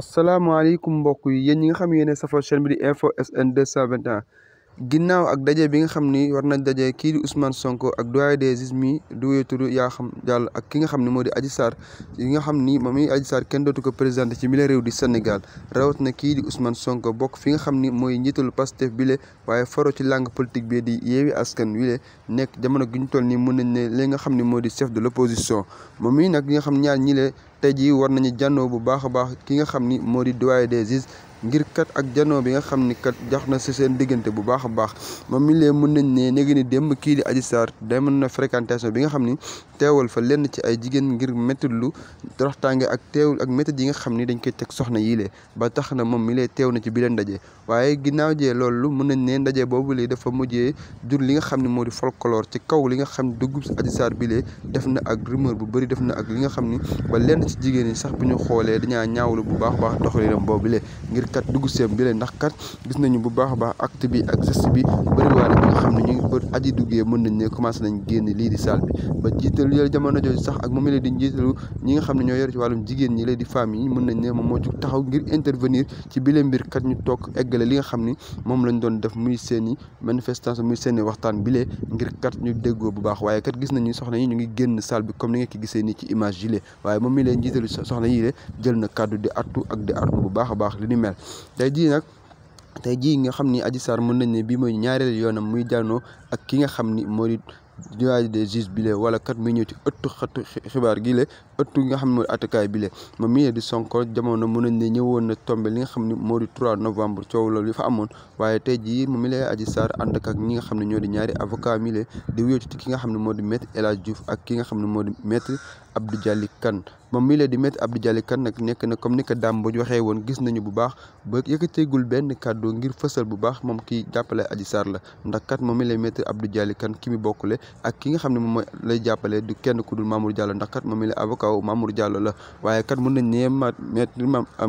asalaamaaleykum mbokk yi yéen ñi nga xam ne yéen a safoo chaîne bi di info SN 221 ginnaaw ak daje bi nga xam ni war nañ daje kii di Ousmane Sonko ak doyen des juges mi du wéy tudd yaa xam jàll ak ki nga xam ni moo di Adji Sarr yi nga xam ni moom mi Adji Sarr kenn dootu ko présenté ci mille réew di Sénégal rawat na kii di Ousmane Sonko bokk fi nga xam ni mooy njiitalu Pastef bile waaye faro ci langue politique bi di Yewwi Askan Wi nekk jamono gi ñu toll nii mën nañ ne li nga xam ni moo di chef de l'opposition moom mi nag li nga xam ñaar ñi le tey jii war nañu jànnoo bu baax a baax ki nga xam ni moo di doyen des juges ngir kat ak janoo bi nga xam ni kat jox na si seen diggante bu baax a baax moom mi lee mën nañ ne léegi ni démb kii di Adji Sarr demoon na fréquentation bi nga xam ni teewal fa lenn ci ay jigéen ngir métti lu raxtaange ak teewul ak métti yi nga xam ni dañ koy teg soxna yii lee ba tax na moom mi lee teew na ci bi leen ndaje waaye ginnaaw jee loolu mën nañ ne ndaje boobu lee dafa mujjee jur li nga xam ne moo di folklore ci kaw li nga xam ne dugub si bi lee def na ak rumeur bëri def na ak li nga xam ni ba lenn ci jigéen yi sax bu ñu xoolee dañaa ñaawlu bu baax baax doxalinam boobu kat dugg seem bi leen ndax kat gis nañu bu baax a baax acte bi ak geste bi bëri bi nga xam ne ñu ngi bër aji duggee mën nañ ne commencé nañ génn lii di salle bi ba jiitalu jamono jooju sax ak moom la di jiitalu ñi nga xam ne ñoo yor ci wàllum jigéen ñi lay di femmes yi mën nañ ne moom moo jug taxaw ngir intervenir ci bile mbir kat ñu toog eggale li nga xam ni moom lañu doon def muy seen i manifestation muy seen i waxtaan bile ngir kat ñu déggoo bu baax waaye kat gis nañu soxna yi ñu ngi génn salle bi comme ni nga ko gisee nii ci image yi waaye moom mi leen jiitalu soxna yi jël na kàddu di artu ak di baax a baax li ni mel tey jii nag tey jii nga xam ni Adji Sarr mën nañ ne bii mooy ñaareel yoonam muy jànnoo ak ki nga xam ni moo doyen des juges bi lee wala kat muy ñëw ci ëttu xatu xibaar gi lee ëttu nga xam ne mooy attakaay bi lee moom mi di Sonko jamono mën nañ ne ñëwoon na tombe li nga xam ne moo di 3 novembre coow loolu yi fa amoon waaye tey jii moom mi lee aji Sarr ànd ak ñi nga xam ne ñoo di ñaari avocat mi lee di wéetu ci ki nga xam ne moo di maître El Hadj ak ki nga xam ne moo di maître Abdou Dialy Kane moom mii lee di maître Abdou Dialy Kane nag nekk na comme ni ko Dame waxee woon gis nañu bu baax ba yëkkateegul benn kàddu ngir fësal bu baax moom kii jàppale Adji Sarr la ndax kat moom mi lee maître Abdou Dialy ki mi bokkule ak ki nga xam ne moom lay jàppale du kenn ku dul Mamour Diallo ndax kat moom mi la avocat wu Mamour Diallo la waaye kat mën nañ ne maître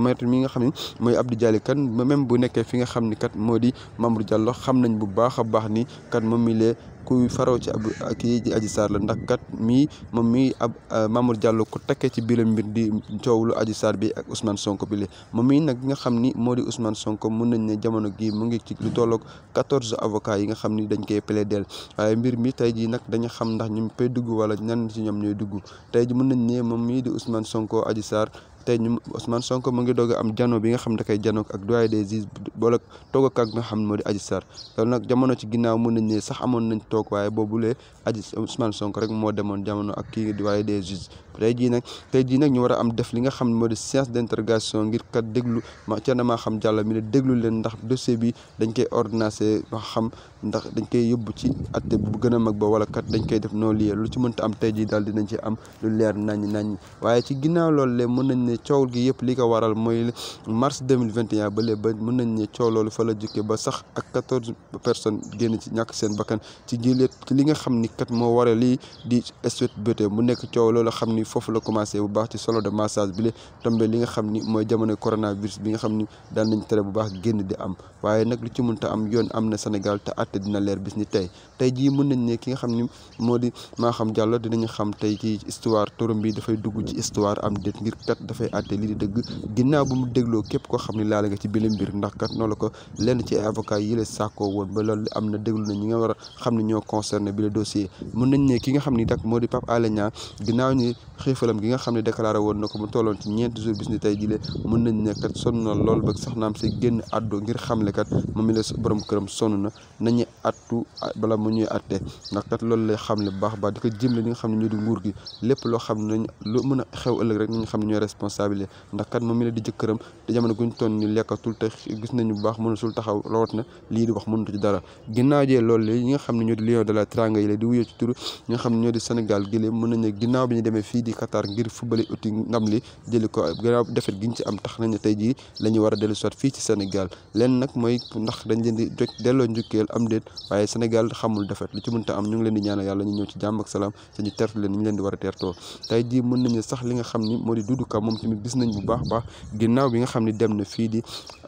maître mi nga xam ne mooy Abdou Dialy kan même bu nekkee fi nga xam ni kat moo di Mamour Diallo xam nañ bu baax a baax ni kat moom mi la kuy faroo ci ab kii di Adji Sarr la ndax kat mii moom mii ab Mamour Diallo ko takkee ci biir mbir di coow lu Adji Sarr bi ak Ousmane Sonko bi la moom mii nag nga xam ni moo di Ousmane Sonko mun nañ ne jamono gi mu ngi ci lu tolloog quatorze avocats yi nga xam ni dañ koy plaider waaye mbir mi tey ji nag dañ xam ndax ñu pay dugg wala ñan ci ñoom ñooy dugg tey ji mun nañ ne moom mii di Ousmane Sonko Adji Sarr te ñu Ousmane Sonko mu ngi doog am jano bi nga xam ne da koy janoog ak doyen des juges boole toog ak nga xam ne moo di Adji Sarr loolu nag jamono ci ginnaaw mën nañ ne sax amoon nañ toog waaye boobulee Adji Ousmane Sonko rek moo demoon jamono ak kii doyen des juges tey jii nag tey jii nag ñu war a am def li nga xam ne moo di séance d'interrogation ngir kat déglu ma ca na xam jàll mi ne déglu leen ndax dossier bi dañ koy ordonnance xam ndax dañ koy yóbbu ci atte bu gën a mag ba wala kat dañ koy def noonu lii lu ci mënta am tey jii daal dinañ ci am lu leer naññ naññ waaye ci ginnaaw lool le mën nañ ne coow gi yëpp li ko waral mooy mars 2021 ba léegi ba mën nañ ne coow loolu fa la jukkee ba sax ak quatorze personnes génn ci ñàkk seen bakkan ci gileet ci li nga xam ni kat moo waral lii di Sweet mu nekk coow loolu xam ni foofu la commencé bu baax ci solo de massage bi la tombé li nga xam ni mooy jamono coronavirus bi nga xam ni daan nañ tere bu baax génn di am waaye nag lu ci mënta am yoon am na Sénégal te atte dina leer bis ni tey tey jii mën nañ ne ki nga xam ni moo di Maham Diallo dinañu xam tey ci histoire turam bi dafay dugg ci histoire am déet ngir kat dafay àtte lii di dëgg ginnaaw bu mu dégloo képp koo xam ni laal ci bilim mbir ndax kat noonu ko lenn ci avocat yi la sàkkoo woon ba loolu am na déglu na ñi nga war a xam ne ñoo concerné bi le dossier mën nañ ne ki nga xam ni dak moo di Pape Alé Niang ginnaaw ñi xiifalam gi nga xam ne déclaré woon na ko mu tolloon ci ñeenti jours bis ni tey jile mën nañ ne kat sonn na lool ba soxnaam si génn addu ngir xamle kat moom la borom këram sonn na nañu attu bala mu ñuy atte ndax kat loolu lay xamle bu baax baax di ko jëmle li nga xam ne ñoo di nguur gi lépp loo xam ne nañ lu mën a xew ëllëg rek nañu xam ne ñooy responsabilité ndax kat moom mi la di jëkkëram te jamono guñ toon ni lekkatul te gis nañu bu baax mënul sul taxaw rawat na lii di wax mënut ci dara ginnaaw jee loolu li nga xam ne ñoo di lion de la xam ne ñoo di Sénégal gi mën nañu ginnaaw bi ñu demee fii di Qatar ngir fubali uti ndam li jëli ko gannaaw defet gi ñu ci am tax nañu tey jii la ñu war a soit fii ci Sénégal leen nag mooy ndax dañ leen di joj delloo njukkeel am déet waaye Sénégal xamul defet lu ci mënta am ñu leen di ñaanal yàlla ñu ñëw ci jàmm ak salaam suñu tertu leen ñu leen di war a teertoo tey jii mën nañu sax li nga xam ni moo di Doudou moom tamit gis nañ bu baax baax ginnaaw bi nga xam ni dem na fii di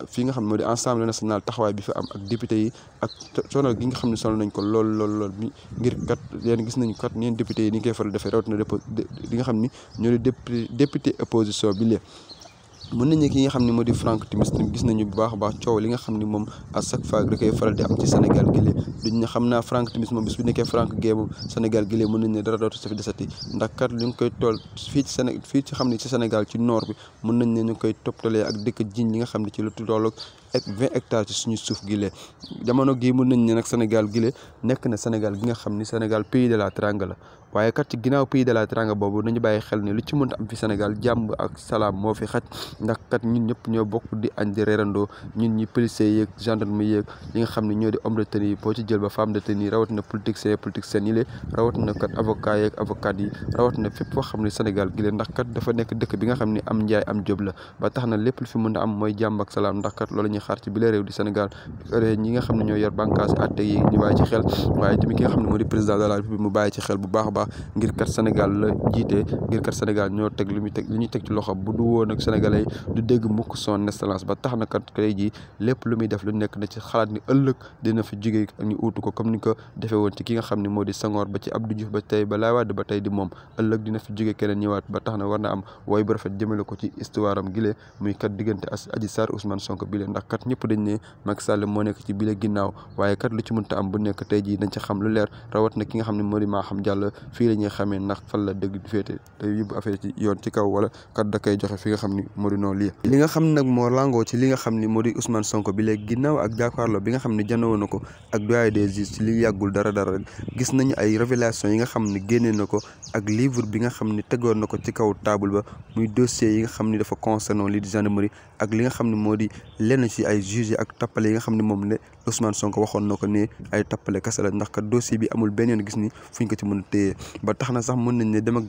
fii nga xam ni xam ni ñoo di député opposition bi lépp mën nañu ki nga xam ne moo di Franck Timis gis nañu baax a baax coow li nga xam ne moom à chaque fois da koy faral di am ci Sénégal gile duñ ne xam naa Franck Timis moom bis bu nekkee Franck Gueye moom Sénégal gile mën nañ ne dara dootu fi desati ndax kat li nga koy tool fii fii ci xam ne ci Sénégal ci nord bi mën nañ ne ñu koy toppatalee ak dëkk jiñ li nga xam ne ci lu tolloog vingt hectares ci suñu suuf gi lee jamono gii mën nañ ne nag Sénégal gi lee nekk na Sénégal gi nga xam ni Sénégal pays de la Teranga la waaye kat ci ginnaaw pays de la Teranga boobu nañu bàyyi xel ni lu ci mënta am fi Sénégal jàmm ak salaam moo fi xaj ndax kat ñun ñoo bokk di añ di reerandoo ñun ñi policiers yeeg gendarme yeeg li nga xam ne ñoo di homme de tenue ci jël ba femme de tenue yi rawatina politiciens politiciens yi lee rawatina kat avocat yeeg avocat yi rawatina fépp foo xam ne Sénégal gi lee ndax kat dafa nekk dëkk bi nga xam ne am njaay am jóob la ba tax na lépp lu fi mun a am mooy jàmm ak salaam ndax kat loolu xaar ci bile réew di Sénégal ñi nga xam ne ñoo yor bànqaas atte ñu bàyyi xel waaye tamit ki nga xam ne moo di président de mu bàyyi ci xel bu baax a baax kat Sénégal la jiitee ngir kat Sénégal ñoo teg lu muy teg li ñuy teg ci loxo bu du woon ak sénégalais du dégg mukk son excellence ba tax na kat tey jii lépp lu muy def lu nekk na ci xalaat ni ëllëg dina fi jógee ñu uutu ko comme ni ko defee woon ci ki nga xam ne moo di Senghor ba ci Abdou Diouf tey ba Laay Wàdd ba tey di moom dina fi jógee keneen ñëwaat ba tax na war na am wooy bu rafet jëmale ko ci histoire am gile muy kat diggante Adji Sarr Ousmane Sonko bile ndax kat ñëpp dañ ne Macky Sall moo nekk ci bile ginnaaw waaye kat lu ci mënta am bu nekk tey jii dañ ci xam lu leer rawat na ki nga xam la ñuy xamee ni moo di noonu li nga xam ne nag moo langoo ci li nga xam ni moo di Ousmane Sonko bi léegi ginnaaw ak jàkkaarloo bi nga xam ne janoo na ko ak doyen yi nga xam ne génnee na ko ak bi nga xam ni tegoon na ko ci kaw table ba muy dossier yi nga xam ni dafa concerné lii di gendarmerie ak li nga xam ne moo di lenn ci ci ay juge ak tappale yi nga xam ne moom ne Ousmane Sonko waxoon na ko ne ay tappale kese ndax kat dossier bi amul benn yoon gis ni fu ñu ko ci mën a ba tax na sax mën nañ ne dem ak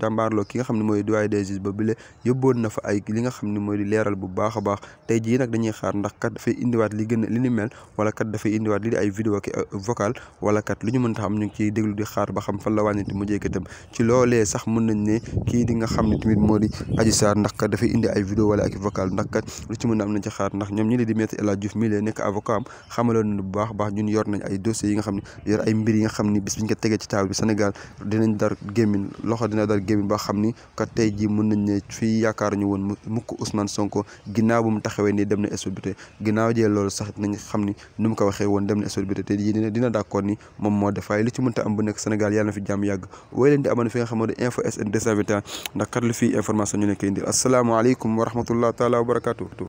jàmbaarloo ki nga xam ne mooy doyen des juges ba bile yóbboon na li nga xam ne mooy di leeral bu baax a baax tey jii nag dañuy xaar ndax kat dafay indiwaat li gën a li ni mel wala kat dafay di ay vidéo ki vocal wala kat lu ñu mën tax am ñu ngi ciy déglu di xaar ba xam fan la wàññiti mu jékkatam ci loolee sax mën nañ ne kii di nga xam ne tamit moo di Adji Sarr ndax kat dafay indi ay vidéo wala ak vocal ndax kat a ñoom ñu leen di maître El Hadji Diouf mii lee nekk avocat am xamaloon na bu baax baax ñun yor nañ ay dossiers yi nga xam ne yor ay mbir yi nga xam ni bis biñ ko tegee ci table bi Sénégal dina dar gémmiñ na exobité ginnaaw na exobité te yi dina ni moom moo def waaye li ci mënta am bu nekk Sénégal yàlla na fi jàmm yàgg wooy leen di amoon fi nga xam ne info sn ndax kat lu fii information ñu nekk indi asalaamaaleykum wa rahmatullah taala wa barakatu